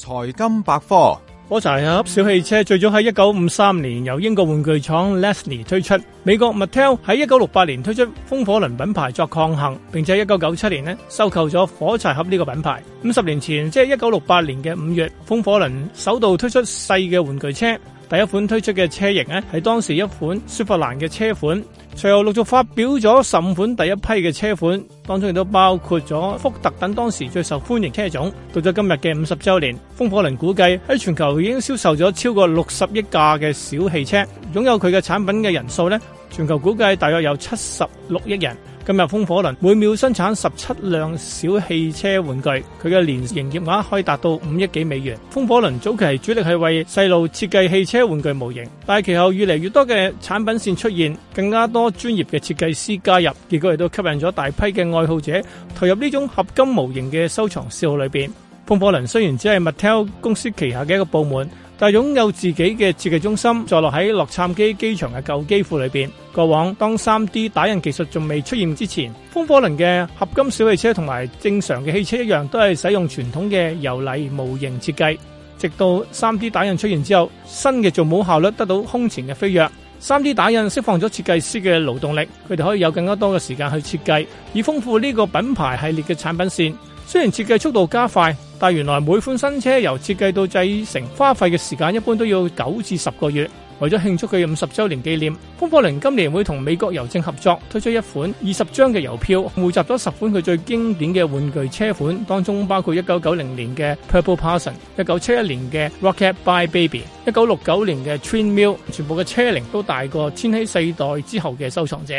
財金百科，火柴盒小汽車最早喺一九五三年由英國玩具廠 Lesney 推出，美國 Mattel 喺一九六八年推出風火輪品牌作抗衡，並且一九九七年咧收購咗火柴盒呢個品牌。五十年前，即係一九六八年嘅五月，風火輪首度推出細嘅玩具車。第一款推出嘅車型咧，係當時一款雪佛蘭嘅車款，隨後陸續發表咗十五款第一批嘅車款，當中亦都包括咗福特等當時最受歡迎車種。到咗今日嘅五十周年，風火輪估計喺全球已經銷售咗超過六十億架嘅小汽車，擁有佢嘅產品嘅人數咧，全球估計大約有七十六億人。今日風火輪每秒生產十七輛小汽車玩具，佢嘅年營業額，額可以達到五億幾美元。風火輪早期係主力係為細路設計汽車玩具模型，但係其後越嚟越多嘅產品線出現，更加多專業嘅設計師加入，結果亦都吸引咗大批嘅愛好者投入呢種合金模型嘅收藏嗜好裏邊。風火輪雖然只係 Mattel 公司旗下嘅一個部門。但擁有自己嘅設計中心，坐落喺洛杉磯機場嘅舊機庫裏邊。過往當 3D 打印技術仲未出現之前，風火輪嘅合金小汽車同埋正常嘅汽車一樣，都係使用傳統嘅油泥模型設計。直到 3D 打印出現之後，新嘅造模效率得到空前嘅飛躍。3D 打印釋放咗設計師嘅勞動力，佢哋可以有更加多嘅時間去設計，以豐富呢個品牌系列嘅產品線。雖然設計速度加快，但原來每款新車由設計到製成，花費嘅時間一般都要九至十個月。為咗慶祝佢五十週年紀念，風火輪今年會同美國郵政合作推出一款二十張嘅郵票，匯集咗十款佢最經典嘅玩具車款，當中包括一九九零年嘅 Purple Parson、一九七一年嘅 Rocket by Baby、一九六九年嘅 Twin Mill。全部嘅車齡都大過千禧世代之後嘅收藏者。